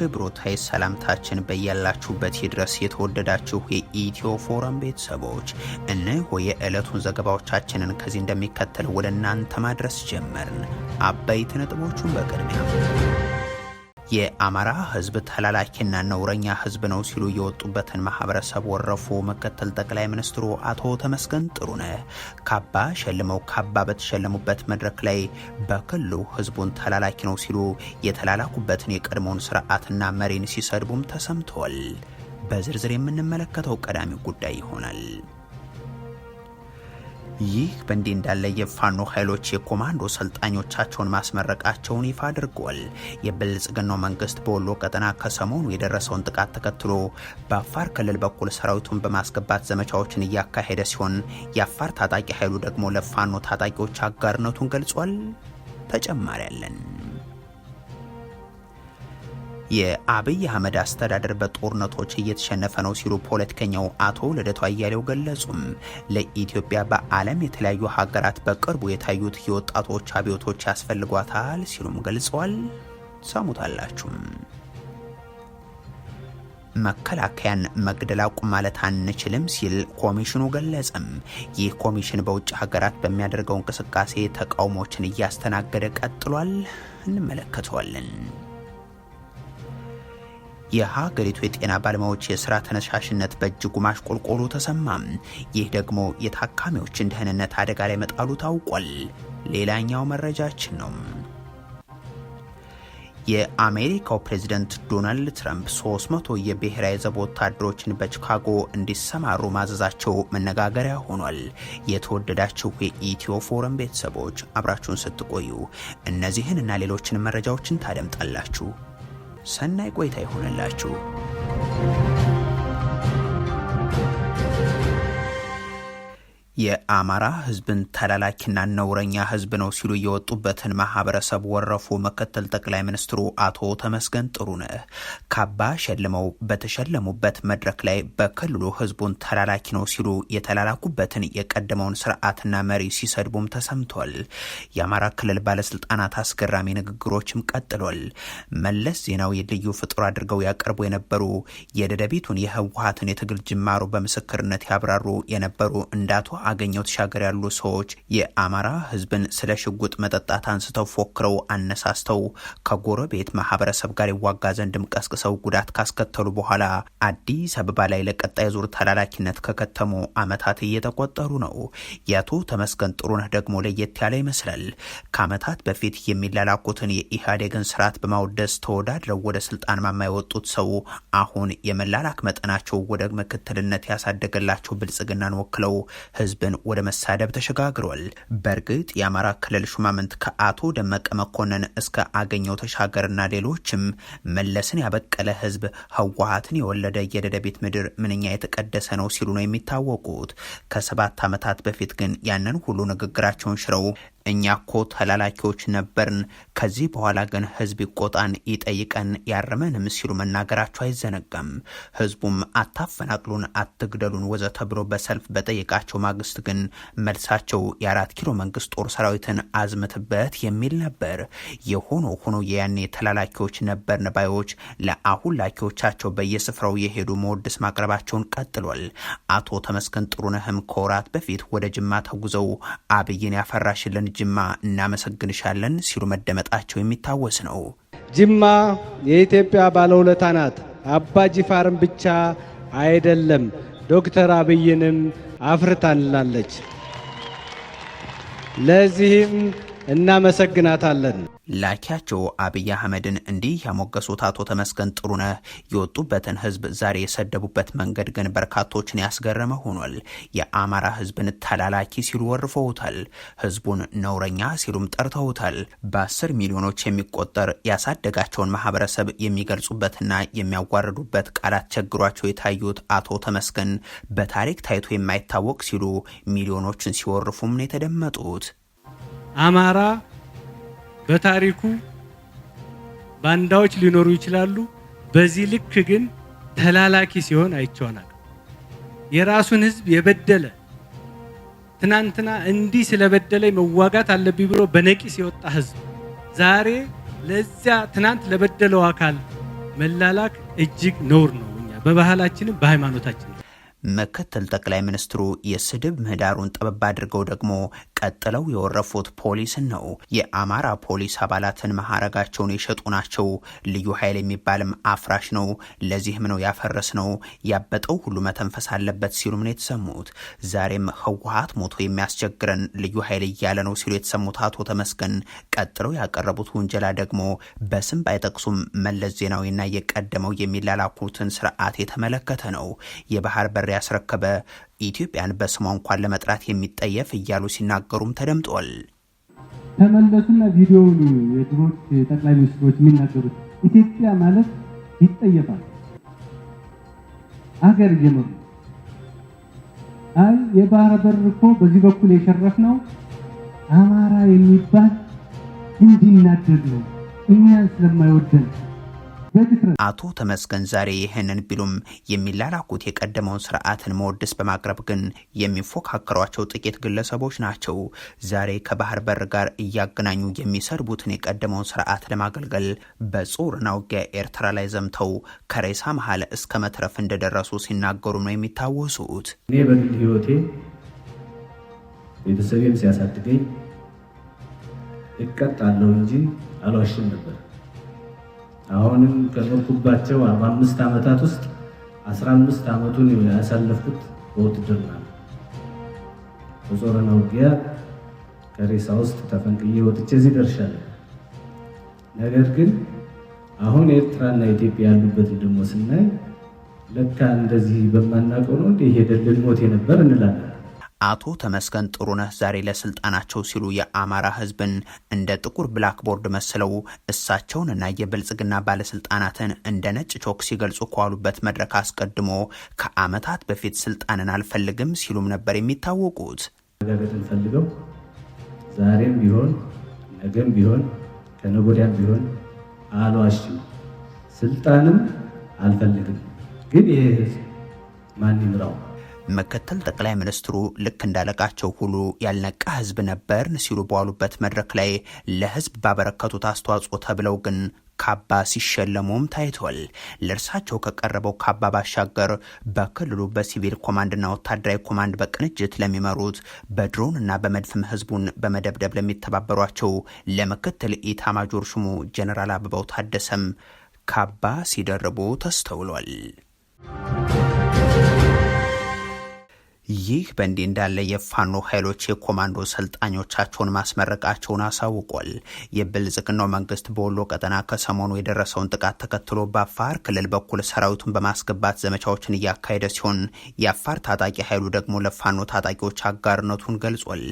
ክብሮታይ ሰላምታችን በያላችሁበት ይድረስ። የተወደዳችሁ የኢትዮ ፎረም ቤተሰቦች እነሆ የዕለቱን ዘገባዎቻችንን ከዚህ እንደሚከተል ወደ እናንተ ማድረስ ጀመርን። አበይት ነጥቦቹን በቅድሚያ የአማራ ህዝብ ተላላኪና ነውረኛ ህዝብ ነው ሲሉ የወጡበትን ማህበረሰብ ወረፉ። ምክትል ጠቅላይ ሚኒስትሩ አቶ ተመስገን ጥሩነህ ካባ ሸልመው ካባ በተሸለሙበት መድረክ ላይ በክልሉ ህዝቡን ተላላኪ ነው ሲሉ የተላላኩበትን የቀድሞውን ስርዓትና መሪን ሲሰድቡም ተሰምተዋል። በዝርዝር የምንመለከተው ቀዳሚ ጉዳይ ይሆናል። ይህ በእንዲህ እንዳለ የፋኖ ኃይሎች የኮማንዶ ሰልጣኞቻቸውን ማስመረቃቸውን ይፋ አድርጓል። የብልጽግናው መንግስት በወሎ ቀጠና ከሰሞኑ የደረሰውን ጥቃት ተከትሎ በአፋር ክልል በኩል ሰራዊቱን በማስገባት ዘመቻዎችን እያካሄደ ሲሆን የአፋር ታጣቂ ኃይሉ ደግሞ ለፋኖ ታጣቂዎች አጋርነቱን ገልጿል። ተጨማሪ አለን። የአብይ አህመድ አስተዳደር በጦርነቶች እየተሸነፈ ነው ሲሉ ፖለቲከኛው አቶ ልደቱ አያሌው ገለጹም። ለኢትዮጵያ በዓለም የተለያዩ ሀገራት በቅርቡ የታዩት የወጣቶች አብዮቶች ያስፈልጓታል ሲሉም ገልጸዋል። ሰሙታላችሁም። መከላከያን መግደል አቁም ማለት አንችልም ሲል ኮሚሽኑ ገለጸም። ይህ ኮሚሽን በውጭ ሀገራት በሚያደርገው እንቅስቃሴ ተቃውሞችን እያስተናገደ ቀጥሏል። እንመለከተዋለን። የሀገሪቱ የጤና ባለሙያዎች የስራ ተነሳሽነት በእጅጉ ማሽቆልቆሉ ተሰማም። ይህ ደግሞ የታካሚዎችን ደህንነት አደጋ ላይ መጣሉ ታውቋል። ሌላኛው መረጃችን ነው። የአሜሪካው ፕሬዝደንት ዶናልድ ትራምፕ 300 የብሔራዊ ዘብ ወታደሮችን በቺካጎ እንዲሰማሩ ማዘዛቸው መነጋገሪያ ሆኗል። የተወደዳችሁ የኢትዮ ፎረም ቤተሰቦች አብራችሁን ስትቆዩ እነዚህን እና ሌሎችን መረጃዎችን ታደምጣላችሁ። ሰናይ ቆይታ ይሆንላችሁ። የአማራ ህዝብን ተላላኪና ነውረኛ ህዝብ ነው ሲሉ የወጡበትን ማህበረሰብ ወረፉ። ምክትል ጠቅላይ ሚኒስትሩ አቶ ተመስገን ጥሩነህ ካባ ሸልመው በተሸለሙበት መድረክ ላይ በክልሉ ህዝቡን ተላላኪ ነው ሲሉ የተላላኩበትን የቀደመውን ስርዓትና መሪ ሲሰድቡም ተሰምቷል። የአማራ ክልል ባለስልጣናት አስገራሚ ንግግሮችም ቀጥሏል። መለስ ዜናዊ ልዩ ፍጡር አድርገው ያቀርቡ የነበሩ የደደቢቱን የህወሀትን የትግል ጅማሮ በምስክርነት ያብራሩ የነበሩ እንዳቶ አገኘው ተሻገር ያሉ ሰዎች የአማራ ህዝብን ስለ ሽጉጥ መጠጣት አንስተው ፎክረው አነሳስተው ከጎረቤት ማህበረሰብ ጋር ይዋጋ ዘንድም ቀስቅሰው ጉዳት ካስከተሉ በኋላ አዲስ አበባ ላይ ለቀጣይ ዙር ተላላኪነት ከከተሙ አመታት እየተቆጠሩ ነው። የአቶ ተመስገን ጥሩነህ ደግሞ ለየት ያለ ይመስላል። ከአመታት በፊት የሚላላኩትን የኢህአዴግን ስርዓት በማውደስ ተወዳድረው ወደ ስልጣን ማማ የወጡት ሰው አሁን የመላላክ መጠናቸው ወደ ምክትልነት ያሳደገላቸው ብልጽግናን ወክለው ህዝብን ወደ መሳደብ ተሸጋግሯል። በእርግጥ የአማራ ክልል ሹማምንት ከአቶ ደመቀ መኮንን እስከ አገኘው ተሻገርና ሌሎችም መለስን ያበቀለ ህዝብ ህወሀትን የወለደ የደደቤት ምድር ምንኛ የተቀደሰ ነው ሲሉ ነው የሚታወቁት። ከሰባት ዓመታት በፊት ግን ያንን ሁሉ ንግግራቸውን ሽረው እኛ ኮ ተላላኪዎች ነበርን፣ ከዚህ በኋላ ግን ህዝብ ይቆጣን፣ ይጠይቀን፣ ያርመንም ሲሉ መናገራቸው አይዘነጋም። ህዝቡም አታፈናቅሉን፣ አትግደሉን ወዘ ተብሎ በሰልፍ በጠየቃቸው ማግስት ግን መልሳቸው የአራት ኪሎ መንግስት ጦር ሰራዊትን አዝምትበት የሚል ነበር። የሆኖ ሆኖ የያኔ ተላላኪዎች ነበርን ባዮች ለአሁን ላኪዎቻቸው በየስፍራው የሄዱ መወድስ ማቅረባቸውን ቀጥሏል። አቶ ተመስገን ጥሩነህም ከወራት በፊት ወደ ጅማ ተጉዘው አብይን ያፈራሽልን ጅማ እናመሰግንሻለን ሲሉ መደመጣቸው የሚታወስ ነው። ጅማ የኢትዮጵያ ባለውለታ ናት። አባ ጅፋርን ብቻ አይደለም ዶክተር አብይንም አፍርታላለች። ለዚህም እናመሰግናታለን። ላኪያቸው አብይ አህመድን እንዲህ ያሞገሱት አቶ ተመስገን ጥሩነህ የወጡበትን ህዝብ ዛሬ የሰደቡበት መንገድ ግን በርካቶችን ያስገረመ ሆኗል። የአማራ ህዝብን ተላላኪ ሲሉ ወርፈውታል። ህዝቡን ነውረኛ ሲሉም ጠርተውታል። በአስር ሚሊዮኖች የሚቆጠር ያሳደጋቸውን ማህበረሰብ የሚገልጹበትና የሚያዋርዱበት ቃላት ቸግሯቸው የታዩት አቶ ተመስገን በታሪክ ታይቶ የማይታወቅ ሲሉ ሚሊዮኖችን ሲወርፉም ነው የተደመጡት። አማራ በታሪኩ ባንዳዎች ሊኖሩ ይችላሉ። በዚህ ልክ ግን ተላላኪ ሲሆን አይቸዋናል። የራሱን ህዝብ የበደለ ትናንትና እንዲህ ስለበደለ መዋጋት አለብኝ ብሎ በነቂስ የወጣ ህዝብ ዛሬ ለዚያ ትናንት ለበደለው አካል መላላክ እጅግ ነውር ነው። እኛ በባህላችንም በሃይማኖታችን ምክትል ጠቅላይ ሚኒስትሩ የስድብ ምህዳሩን ጠበብ አድርገው ደግሞ ቀጥለው የወረፉት ፖሊስን ነው። የአማራ ፖሊስ አባላትን ማዕረጋቸውን የሸጡ ናቸው። ልዩ ኃይል የሚባልም አፍራሽ ነው። ለዚህም ነው ያፈረስ ነው ያበጠው ሁሉ መተንፈስ አለበት ሲሉም ነው የተሰሙት። ዛሬም ህወሀት ሞቶ የሚያስቸግረን ልዩ ኃይል እያለ ነው ሲሉ የተሰሙት አቶ ተመስገን ቀጥለው ያቀረቡት ውንጀላ ደግሞ በስም ባይጠቅሱም መለስ ዜናዊና የቀደመው የሚላላኩትን ስርዓት የተመለከተ ነው። የባህር በር ያስረከበ ኢትዮጵያን በስሟ እንኳን ለመጥራት የሚጠየፍ እያሉ ሲናገሩም ተደምጧል። ተመለሱና ቪዲዮውን የድሮች ጠቅላይ ሚኒስትሮች የሚናገሩት ኢትዮጵያ ማለት ይጠየፋል አገር እየመሩ አይ የባህር በር እኮ በዚህ በኩል የሸረፍ ነው አማራ የሚባል እንዲናደድ ነው እኛን ስለማይወደን አቶ ተመስገን ዛሬ ይህንን ቢሉም የሚላላኩት የቀደመውን ስርዓትን መወደስ በማቅረብ ግን የሚፎካከሯቸው ጥቂት ግለሰቦች ናቸው። ዛሬ ከባህር በር ጋር እያገናኙ የሚሰድቡትን የቀደመውን ስርዓት ለማገልገል በጾርና ውጊያ ኤርትራ ላይ ዘምተው ከሬሳ መሀል እስከ መትረፍ እንደደረሱ ሲናገሩ ነው የሚታወሱት። እኔ በግል ህይወቴ ቤተሰቤም ሲያሳድገኝ እቀጣለሁ እንጂ አልዋሽም ነበር አሁንም ከኖርኩባቸው አርባ አምስት ዓመታት ውስጥ አስራ አምስት ዓመቱን ያሳለፍኩት በውትድርና ነው። በጾረና ውጊያ ከሬሳ ውስጥ ተፈንቅዬ ወጥቼ እዚህ ደርሻለሁ። ነገር ግን አሁን ኤርትራና ኢትዮጵያ ያሉበትን ደግሞ ስናይ ለካ እንደዚህ በማናውቀው ነው እንዲህ ሄደልን ሞት የነበር እንላለን። አቶ ተመስገን ጥሩነህ ዛሬ ለስልጣናቸው ሲሉ የአማራ ህዝብን እንደ ጥቁር ብላክቦርድ መስለው እሳቸውንና የብልጽግና ባለስልጣናትን እንደ ነጭ ቾክ ሲገልጹ ከዋሉበት መድረክ አስቀድሞ ከአመታት በፊት ስልጣንን አልፈልግም ሲሉም ነበር የሚታወቁት። መረጋገጥን ፈልገው ዛሬም ቢሆን ነገም ቢሆን ከነጎዳያም ቢሆን አሏሽ ስልጣንም አልፈልግም፣ ግን ይህ ህዝብ ማን ይምራው ምክትል ጠቅላይ ሚኒስትሩ ልክ እንዳለቃቸው ሁሉ ያልነቃ ህዝብ ነበርን ሲሉ በዋሉበት መድረክ ላይ ለህዝብ ባበረከቱት አስተዋጽኦ ተብለው ግን ካባ ሲሸለሙም ታይቷል። ለእርሳቸው ከቀረበው ካባ ባሻገር በክልሉ በሲቪል ኮማንድና ወታደራዊ ኮማንድ በቅንጅት ለሚመሩት በድሮንና በመድፍም ህዝቡን በመደብደብ ለሚተባበሯቸው ለምክትል ኢታማጆር ሹሙ ጀኔራል አበባው ታደሰም ካባ ሲደርቡ ተስተውሏል። ይህ በእንዲህ እንዳለ የፋኖ ኃይሎች የኮማንዶ ሰልጣኞቻቸውን ማስመረቃቸውን አሳውቋል። የብልጽግናው መንግስት በወሎ ቀጠና ከሰሞኑ የደረሰውን ጥቃት ተከትሎ በአፋር ክልል በኩል ሰራዊቱን በማስገባት ዘመቻዎችን እያካሄደ ሲሆን የአፋር ታጣቂ ኃይሉ ደግሞ ለፋኖ ታጣቂዎች አጋርነቱን ገልጿል።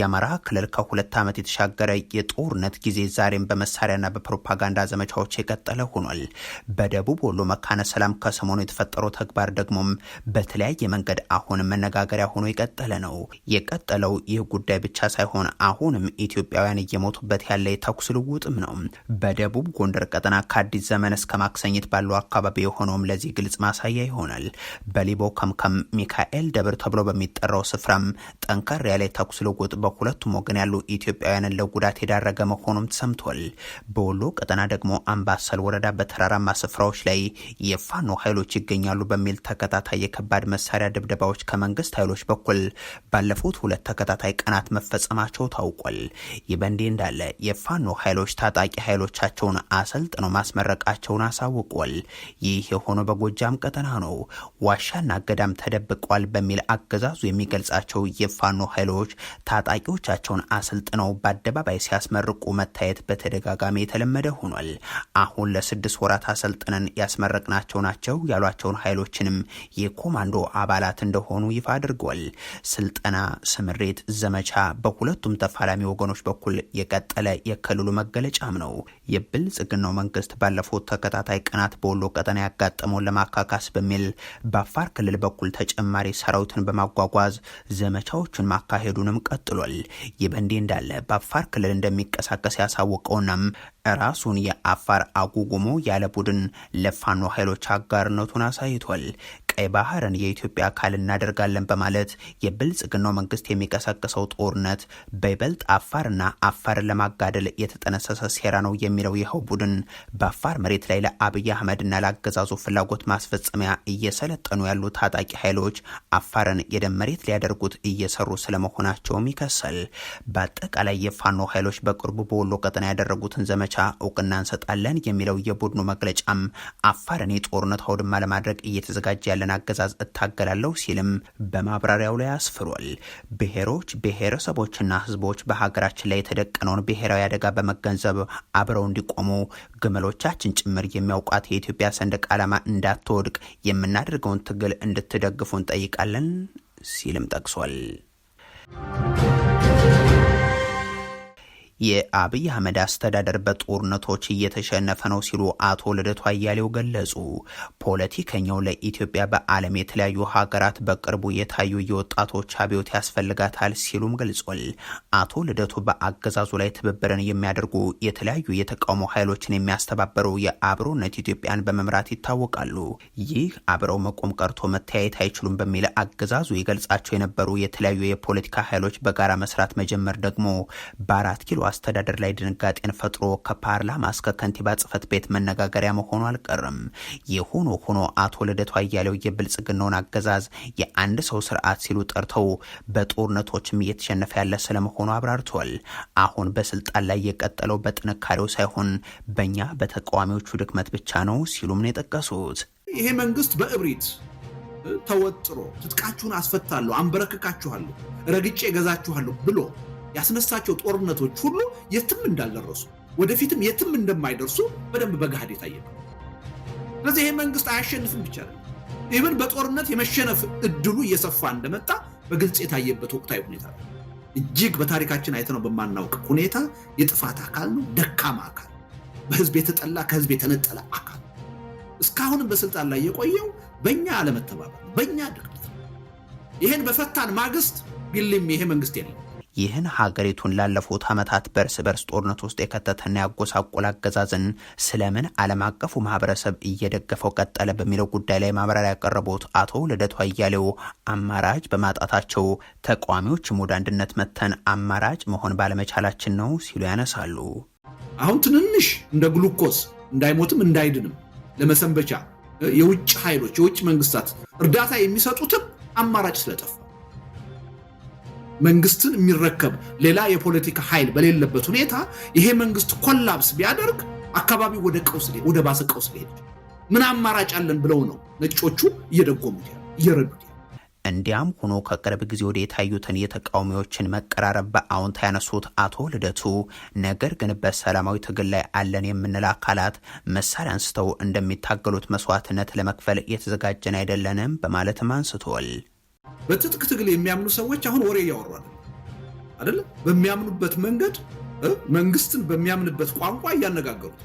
የአማራ ክልል ከሁለት ዓመት የተሻገረ የጦርነት ጊዜ ዛሬም በመሳሪያና በፕሮፓጋንዳ ዘመቻዎች የቀጠለ ሆኗል። በደቡብ ወሎ መካነ ሰላም ከሰሞኑ የተፈጠረው ተግባር ደግሞም በተለያየ መንገድ አሁን መነጋ መነጋገሪያ ሆኖ የቀጠለ ነው። የቀጠለው ይህ ጉዳይ ብቻ ሳይሆን አሁንም ኢትዮጵያውያን እየሞቱበት ያለ የተኩስ ልውጥም ነው። በደቡብ ጎንደር ቀጠና ከአዲስ ዘመን እስከ ማክሰኝት ባለው አካባቢ የሆነውም ለዚህ ግልጽ ማሳያ ይሆናል። በሊቦ ከምከም ሚካኤል ደብር ተብሎ በሚጠራው ስፍራም ጠንከር ያለ የተኩስ ልውጥ በሁለቱም ወገን ያሉ ኢትዮጵያውያንን ለጉዳት የዳረገ መሆኑም ተሰምቷል። በወሎ ቀጠና ደግሞ አምባሰል ወረዳ በተራራማ ስፍራዎች ላይ የፋኖ ኃይሎች ይገኛሉ በሚል ተከታታይ የከባድ መሳሪያ ድብደባዎች ከመንግስት መንግስት ኃይሎች በኩል ባለፉት ሁለት ተከታታይ ቀናት መፈጸማቸው ታውቋል። ይህ በእንዲህ እንዳለ የፋኖ ኃይሎች ታጣቂ ኃይሎቻቸውን አሰልጥነው ማስመረቃቸውን አሳውቋል። ይህ የሆነው በጎጃም ቀጠና ነው። ዋሻና ገዳም ተደብቋል በሚል አገዛዙ የሚገልጻቸው የፋኖ ኃይሎች ታጣቂዎቻቸውን አሰልጥነው በአደባባይ ሲያስመርቁ መታየት በተደጋጋሚ የተለመደ ሆኗል። አሁን ለስድስት ወራት አሰልጥነን ያስመረቅናቸው ናቸው ያሏቸውን ኃይሎችንም የኮማንዶ አባላት እንደሆኑ ይፋ አድርጓል። ስልጠና፣ ስምሬት፣ ዘመቻ በሁለቱም ተፋላሚ ወገኖች በኩል የቀጠለ የክልሉ መገለጫም ነው። የብልጽግናው መንግስት ባለፉት ተከታታይ ቀናት በወሎ ቀጠና ያጋጠመውን ለማካካስ በሚል በአፋር ክልል በኩል ተጨማሪ ሰራዊትን በማጓጓዝ ዘመቻዎችን ማካሄዱንም ቀጥሏል። ይህ በእንዲህ እንዳለ በአፋር ክልል እንደሚንቀሳቀስ ያሳወቀውናም ራሱን የአፋር አጉጉሞ ያለ ቡድን ለፋኖ ኃይሎች አጋርነቱን አሳይቷል። ቀይ ባህርን የኢትዮጵያ አካል እናደርጋለን በማለት የብልጽግናው መንግስት የሚቀሰቅሰው ጦርነት በይበልጥ አፋርና አፋርን ለማጋደል የተጠነሰሰ ሴራ ነው የሚለው ይኸው ቡድን በአፋር መሬት ላይ ለአብይ አህመድና ለአገዛዙ ፍላጎት ማስፈጸሚያ እየሰለጠኑ ያሉ ታጣቂ ኃይሎች አፋርን የደም መሬት ሊያደርጉት እየሰሩ ስለመሆናቸውም ይከሳል። በአጠቃላይ የፋኖ ኃይሎች በቅርቡ በወሎ ቀጠና ያደረጉትን ዘመቻ እውቅና እንሰጣለን የሚለው የቡድኑ መግለጫም አፋርን የጦርነት አውድማ ለማድረግ እየተዘጋጀ ያለ ያለን አገዛዝ እታገላለሁ ሲልም በማብራሪያው ላይ አስፍሯል። ብሔሮች፣ ብሔረሰቦችና ህዝቦች በሀገራችን ላይ የተደቀነውን ብሔራዊ አደጋ በመገንዘብ አብረው እንዲቆሙ ግመሎቻችን ጭምር የሚያውቋት የኢትዮጵያ ሰንደቅ ዓላማ እንዳትወድቅ የምናደርገውን ትግል እንድትደግፉ እንጠይቃለን ሲልም ጠቅሷል። የአብይ አህመድ አስተዳደር በጦርነቶች እየተሸነፈ ነው ሲሉ አቶ ልደቱ አያሌው ገለጹ። ፖለቲከኛው ለኢትዮጵያ በዓለም የተለያዩ ሀገራት በቅርቡ የታዩ የወጣቶች አብዮት ያስፈልጋታል ሲሉም ገልጿል። አቶ ልደቱ በአገዛዙ ላይ ትብብርን የሚያደርጉ የተለያዩ የተቃውሞ ኃይሎችን የሚያስተባበሩ የአብሮነት ኢትዮጵያን በመምራት ይታወቃሉ። ይህ አብረው መቆም ቀርቶ መተያየት አይችሉም በሚል አገዛዙ ይገልጻቸው የነበሩ የተለያዩ የፖለቲካ ኃይሎች በጋራ መስራት መጀመር ደግሞ በአራት ኪሎ አስተዳደር ላይ ድንጋጤን ፈጥሮ ከፓርላማ እስከ ከንቲባ ጽህፈት ቤት መነጋገሪያ መሆኑ አልቀርም። የሆኖ ሆኖ አቶ ልደቱ አያሌው የብልጽግናውን አገዛዝ የአንድ ሰው ስርዓት ሲሉ ጠርተው በጦርነቶችም እየተሸነፈ ያለ ስለመሆኑ አብራርቷል። አሁን በስልጣን ላይ የቀጠለው በጥንካሬው ሳይሆን በእኛ በተቃዋሚዎቹ ድክመት ብቻ ነው ሲሉም ነው የጠቀሱት። ይሄ መንግስት በእብሪት ተወጥሮ ትጥቃችሁን አስፈታለሁ፣ አንበረክካችኋለሁ፣ ረግጬ ገዛችኋለሁ ብሎ ያስነሳቸው ጦርነቶች ሁሉ የትም እንዳልደረሱ ወደፊትም የትም እንደማይደርሱ በደንብ በገሃድ የታየበት። ስለዚህ ይህ መንግስት አያሸንፍም ብቻ ይህን በጦርነት የመሸነፍ እድሉ እየሰፋ እንደመጣ በግልጽ የታየበት ወቅታዊ ሁኔታ ነው። እጅግ በታሪካችን አይተነው በማናውቅ ሁኔታ የጥፋት አካል ነው፣ ደካማ አካል፣ በህዝብ የተጠላ ከህዝብ የተነጠለ አካል እስካሁንም በስልጣን ላይ የቆየው በእኛ አለመተባበር፣ በእኛ ድክመት። ይህን በፈታን ማግስት ቢልም ይሄ መንግስት የለም። ይህን ሀገሪቱን ላለፉት ዓመታት በርስ በርስ ጦርነት ውስጥ የከተተና ያጎሳቆል አገዛዝን ስለምን ዓለም አቀፉ ማህበረሰብ እየደገፈው ቀጠለ በሚለው ጉዳይ ላይ ማብራሪያ ያቀረቡት አቶ ልደቱ አያሌው አማራጭ በማጣታቸው ተቃዋሚዎችም ወደ አንድነት መተን አማራጭ መሆን ባለመቻላችን ነው ሲሉ ያነሳሉ። አሁን ትንንሽ እንደ ግሉኮስ እንዳይሞትም እንዳይድንም ለመሰንበቻ የውጭ ኃይሎች የውጭ መንግስታት እርዳታ የሚሰጡትም አማራጭ ስለጠፋ መንግስትን የሚረከብ ሌላ የፖለቲካ ኃይል በሌለበት ሁኔታ ይሄ መንግስት ኮላፕስ ቢያደርግ አካባቢ ወደ ቀውስ ወደ ባሰ ቀውስ ሊሄድ ምን አማራጭ አለን ብለው ነው ነጮቹ እየደጎሙት እየረዱት። እንዲያም ሆኖ ከቅርብ ጊዜ ወደ የታዩትን የተቃዋሚዎችን መቀራረብ በአዎንታ ያነሱት አቶ ልደቱ፣ ነገር ግን በሰላማዊ ትግል ላይ አለን የምንል አካላት መሳሪያ አንስተው እንደሚታገሉት መስዋዕትነት ለመክፈል የተዘጋጀን አይደለንም በማለትም አንስቷል። በትጥቅ ትግል የሚያምኑ ሰዎች አሁን ወሬ እያወሩ አይደለ? በሚያምኑበት መንገድ መንግስትን በሚያምንበት ቋንቋ እያነጋገሩት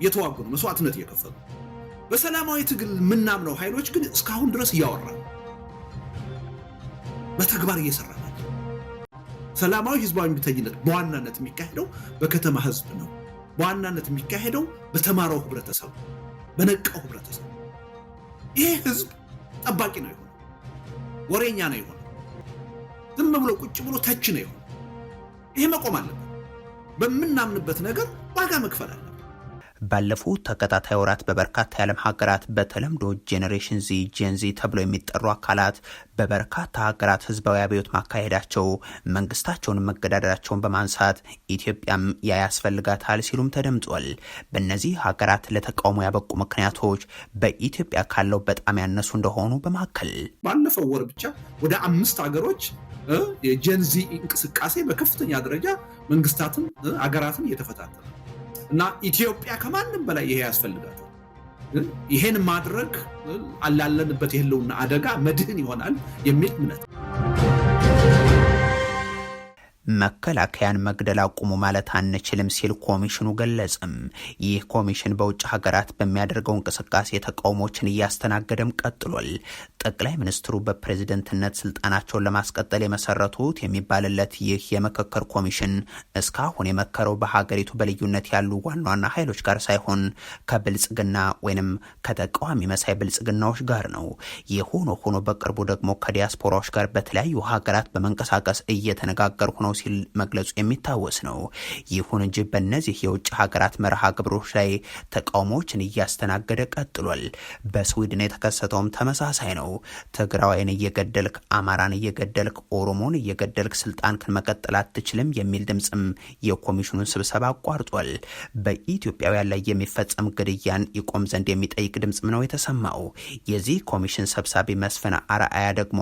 እየተዋጉ ነው፣ መስዋዕትነት እየከፈሉ በሰላማዊ ትግል የምናምነው ኃይሎች ግን እስካሁን ድረስ እያወራ በተግባር እየሰራ ሰላማዊ ህዝባዊ እምቢተኝነት በዋናነት የሚካሄደው በከተማ ህዝብ ነው። በዋናነት የሚካሄደው በተማረው ህብረተሰብ፣ በነቃው ህብረተሰብ ይሄ ህዝብ ጠባቂ ነው። ወሬኛ ነው የሆነ። ዝም ብሎ ቁጭ ብሎ ተች ነው የሆነ። ይሄ መቆም አለበት። በምናምንበት ነገር ዋጋ መክፈል አለ። ባለፉት ተከታታይ ወራት በበርካታ የዓለም ሀገራት በተለምዶ ጄኔሬሽን ዚ ጄንዚ ተብሎ የሚጠሩ አካላት በበርካታ ሀገራት ህዝባዊ አብዮት ማካሄዳቸው መንግስታቸውን መገዳደራቸውን በማንሳት ኢትዮጵያም ያ ያስፈልጋታል ሲሉም ተደምጧል። በእነዚህ ሀገራት ለተቃውሞ ያበቁ ምክንያቶች በኢትዮጵያ ካለው በጣም ያነሱ እንደሆኑ በማከል ባለፈው ወር ብቻ ወደ አምስት ሀገሮች የጄንዚ እንቅስቃሴ በከፍተኛ ደረጃ መንግስታትን አገራትን እየተፈታተነ እና ኢትዮጵያ ከማንም በላይ ይሄ ያስፈልጋታል። ይሄን ማድረግ አላለንበት የህልውና አደጋ መድህን ይሆናል የሚል እምነት መከላከያን መግደል አቁሙ ማለት አንችልም ሲል ኮሚሽኑ ገለጽም። ይህ ኮሚሽን በውጭ ሀገራት በሚያደርገው እንቅስቃሴ ተቃውሞችን እያስተናገደም ቀጥሏል። ጠቅላይ ሚኒስትሩ በፕሬዝደንትነት ስልጣናቸውን ለማስቀጠል የመሰረቱት የሚባልለት ይህ የምክክር ኮሚሽን እስካሁን የመከረው በሀገሪቱ በልዩነት ያሉ ዋና ዋና ኃይሎች ጋር ሳይሆን ከብልጽግና ወይንም ከተቃዋሚ መሳይ ብልጽግናዎች ጋር ነው። የሆኖ ሆኖ በቅርቡ ደግሞ ከዲያስፖራዎች ጋር በተለያዩ ሀገራት በመንቀሳቀስ እየተነጋገርኩ ነው ሲል መግለጹ የሚታወስ ነው። ይሁን እንጂ በእነዚህ የውጭ ሀገራት መርሃ ግብሮች ላይ ተቃውሞዎችን እያስተናገደ ቀጥሏል። በስዊድን የተከሰተውም ተመሳሳይ ነው። ትግራዋይን እየገደልክ አማራን እየገደልክ ኦሮሞን እየገደልክ ስልጣንክን መቀጠል አትችልም የሚል ድምፅም የኮሚሽኑን ስብሰባ አቋርጧል። በኢትዮጵያውያን ላይ የሚፈጸም ግድያን ይቆም ዘንድ የሚጠይቅ ድምፅም ነው የተሰማው። የዚህ ኮሚሽን ሰብሳቢ መስፍን አርአያ ደግሞ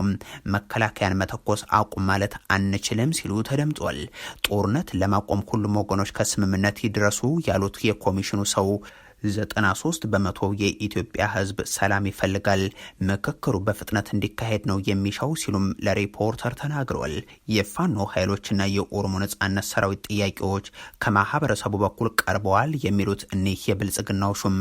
መከላከያን መተኮስ አቁም ማለት አንችልም ሲሉ ተደ ተደምጧል። ጦርነት ለማቆም ሁሉም ወገኖች ከስምምነት ይድረሱ ያሉት የኮሚሽኑ ሰው 93 በመቶ የኢትዮጵያ ህዝብ ሰላም ይፈልጋል፣ ምክክሩ በፍጥነት እንዲካሄድ ነው የሚሻው ሲሉም ለሪፖርተር ተናግረዋል። የፋኖ ኃይሎችና የኦሮሞ ነጻነት ሰራዊት ጥያቄዎች ከማህበረሰቡ በኩል ቀርበዋል የሚሉት እኒህ የብልጽግናው ሹም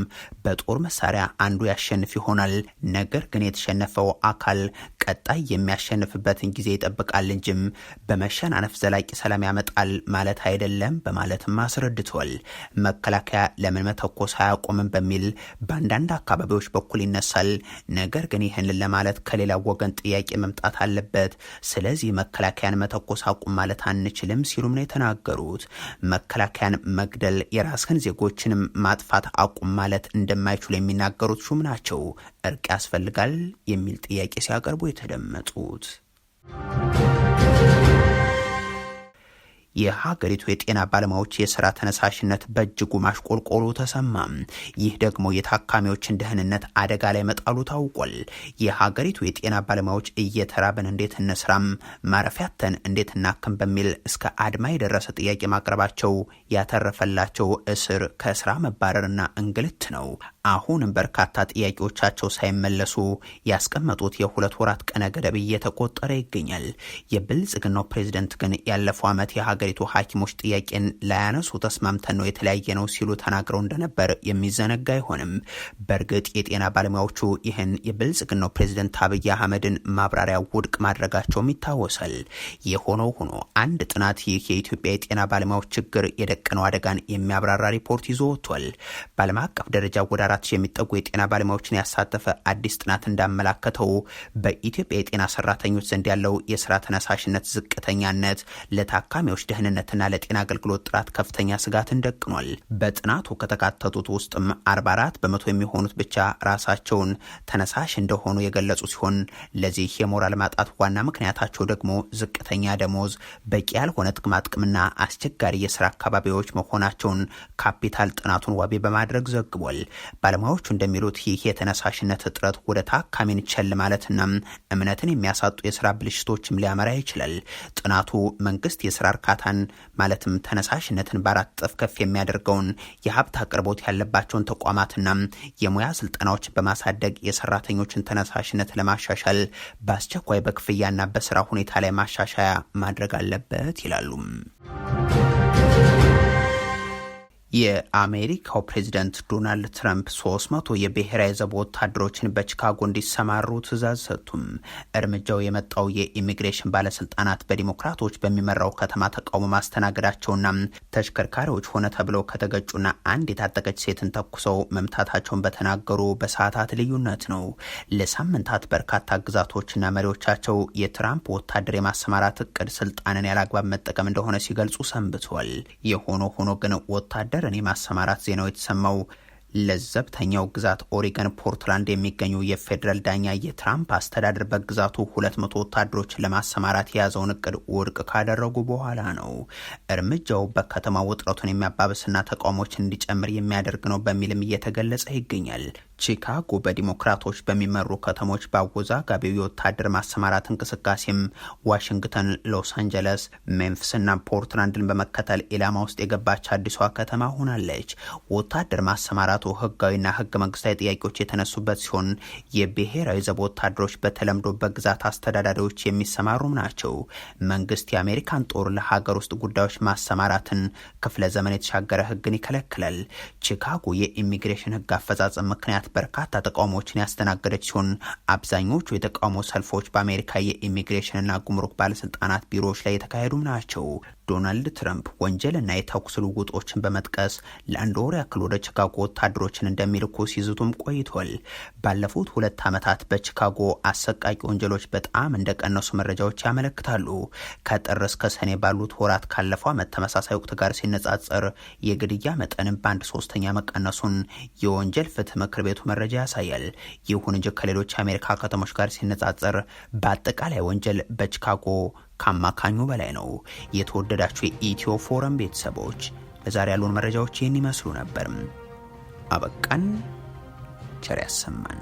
በጦር መሳሪያ አንዱ ያሸንፍ ይሆናል፣ ነገር ግን የተሸነፈው አካል ቀጣይ የሚያሸንፍበትን ጊዜ ይጠብቃል እንጂም በመሸናነፍ ዘላቂ ሰላም ያመጣል ማለት አይደለም በማለትም አስረድተዋል። መከላከያ ለምን መተኮስ አላቆምም በሚል በአንዳንድ አካባቢዎች በኩል ይነሳል። ነገር ግን ይህንን ለማለት ከሌላ ወገን ጥያቄ መምጣት አለበት። ስለዚህ መከላከያን መተኮስ አቁም ማለት አንችልም ሲሉም ነው የተናገሩት። መከላከያን መግደል የራስህን ዜጎችንም ማጥፋት አቁም ማለት እንደማይችሉ የሚናገሩት ሹም ናቸው። እርቅ ያስፈልጋል የሚል ጥያቄ ሲያቀርቡ የተደመጡት የሀገሪቱ የጤና ባለሙያዎች የስራ ተነሳሽነት በእጅጉ ማሽቆልቆሉ ተሰማ። ይህ ደግሞ የታካሚዎችን ደህንነት አደጋ ላይ መጣሉ ታውቋል። የሀገሪቱ የጤና ባለሙያዎች እየተራብን እንዴት እንስራም፣ ማረፊያተን እንዴት እናክም በሚል እስከ አድማ የደረሰ ጥያቄ ማቅረባቸው ያተረፈላቸው እስር ከስራ መባረርና እንግልት ነው። አሁንም በርካታ ጥያቄዎቻቸው ሳይመለሱ ያስቀመጡት የሁለት ወራት ቀነ ገደብ እየተቆጠረ ይገኛል። የብልጽግናው ፕሬዚደንት ግን ያለፈው ዓመት የሀገሪቱ ሐኪሞች ጥያቄን ላያነሱ ተስማምተን ነው የተለያየ ነው ሲሉ ተናግረው እንደነበር የሚዘነጋ አይሆንም። በእርግጥ የጤና ባለሙያዎቹ ይህን የብልጽግናው ፕሬዚደንት አብይ አህመድን ማብራሪያ ውድቅ ማድረጋቸውም ይታወሳል። የሆነው ሆኖ አንድ ጥናት ይህ የኢትዮጵያ የጤና ባለሙያዎች ችግር የደቀነው አደጋን የሚያብራራ ሪፖርት ይዞ ወጥቷል። በዓለም አቀፍ ደረጃ ወደ አራት ሺህ የሚጠጉ የጤና ባለሙያዎችን ያሳተፈ አዲስ ጥናት እንዳመላከተው በኢትዮጵያ የጤና ሰራተኞች ዘንድ ያለው የስራ ተነሳሽነት ዝቅተኛነት ለታካሚዎች ደህንነትና ለጤና አገልግሎት ጥራት ከፍተኛ ስጋትን ደቅኗል። በጥናቱ ከተካተቱት ውስጥም 44 በመቶ የሚሆኑት ብቻ ራሳቸውን ተነሳሽ እንደሆኑ የገለጹ ሲሆን ለዚህ የሞራል ማጣት ዋና ምክንያታቸው ደግሞ ዝቅተኛ ደሞዝ፣ በቂ ያልሆነ ጥቅማጥቅምና አስቸጋሪ የስራ አካባቢዎች መሆናቸውን ካፒታል ጥናቱን ዋቢ በማድረግ ዘግቧል። ባለሙያዎቹ እንደሚሉት ይህ የተነሳሽነት እጥረት ወደ ታካሚን ቸል ማለትና እምነትን የሚያሳጡ የስራ ብልሽቶችም ሊያመራ ይችላል። ጥናቱ መንግስት የስራ እርካታን ማለትም ተነሳሽነትን በአራት እጥፍ ከፍ የሚያደርገውን የሀብት አቅርቦት ያለባቸውን ተቋማትና የሙያ ስልጠናዎችን በማሳደግ የሰራተኞችን ተነሳሽነት ለማሻሻል በአስቸኳይ በክፍያና በስራ ሁኔታ ላይ ማሻሻያ ማድረግ አለበት ይላሉ። የአሜሪካው ፕሬዚደንት ዶናልድ ትራምፕ 300 የብሔራዊ ዘብ ወታደሮችን በቺካጎ እንዲሰማሩ ትእዛዝ ሰጡም። እርምጃው የመጣው የኢሚግሬሽን ባለስልጣናት በዲሞክራቶች በሚመራው ከተማ ተቃውሞ ማስተናገዳቸውና ተሽከርካሪዎች ሆነ ተብለው ከተገጩና አንድ የታጠቀች ሴትን ተኩሰው መምታታቸውን በተናገሩ በሰዓታት ልዩነት ነው። ለሳምንታት በርካታ ግዛቶችና መሪዎቻቸው የትራምፕ ወታደር የማሰማራት እቅድ ስልጣንን ያላግባብ መጠቀም እንደሆነ ሲገልጹ ሰንብቷል። የሆኖ ሆኖ ግን ወታደር ባይደን የማሰማራት ዜናው የተሰማው ለዘብተኛው ግዛት ኦሪገን ፖርትላንድ የሚገኙ የፌዴራል ዳኛ የትራምፕ አስተዳደር በግዛቱ ሁለት 200 ወታደሮችን ለማሰማራት የያዘውን እቅድ ውድቅ ካደረጉ በኋላ ነው። እርምጃው በከተማው ውጥረቱን የሚያባብስና ተቃውሞችን እንዲጨምር የሚያደርግ ነው በሚልም እየተገለጸ ይገኛል። ቺካጎ በዲሞክራቶች በሚመሩ ከተሞች በአወዛጋቢው የወታደር ማሰማራት እንቅስቃሴም ዋሽንግተን፣ ሎስ አንጀለስ፣ ሜምፊስና ፖርትላንድን በመከተል ኢላማ ውስጥ የገባች አዲሷ ከተማ ሆናለች። ወታደር ማሰማራቱ ህጋዊና ህገ መንግስታዊ ጥያቄዎች የተነሱበት ሲሆን የብሔራዊ ዘብ ወታደሮች በተለምዶ በግዛት አስተዳዳሪዎች የሚሰማሩም ናቸው። መንግስት የአሜሪካን ጦር ለሀገር ውስጥ ጉዳዮች ማሰማራትን ክፍለ ዘመን የተሻገረ ህግን ይከለክላል። ቺካጎ የኢሚግሬሽን ህግ አፈጻጸም ምክንያት ምክንያት በርካታ ተቃውሞዎችን ያስተናገደች ሲሆን አብዛኞቹ የተቃውሞ ሰልፎች በአሜሪካ የኢሚግሬሽንና ጉምሩክ ባለስልጣናት ቢሮዎች ላይ የተካሄዱም ናቸው። ዶናልድ ትረምፕ ወንጀልና የተኩስ ልውውጦችን በመጥቀስ ለአንድ ወር ያክል ወደ ቺካጎ ወታደሮችን እንደሚልኩ ሲዝቱም ቆይቷል። ባለፉት ሁለት ዓመታት በቺካጎ አሰቃቂ ወንጀሎች በጣም እንደቀነሱ መረጃዎች ያመለክታሉ። ከጥር እስከ ሰኔ ባሉት ወራት ካለፈው ዓመት ተመሳሳይ ወቅት ጋር ሲነጻጸር የግድያ መጠንም በአንድ ሶስተኛ መቀነሱን የወንጀል ፍትህ ምክር ቤቱ መረጃ ያሳያል። ይሁን እንጂ ከሌሎች የአሜሪካ ከተሞች ጋር ሲነጻጸር በአጠቃላይ ወንጀል በቺካጎ ከአማካኙ በላይ ነው። የተወደዳችሁ የኢትዮ ፎረም ቤተሰቦች በዛሬ ያሉን መረጃዎች ይህን ይመስሉ ነበር። አበቃን። ቸር ያሰማን።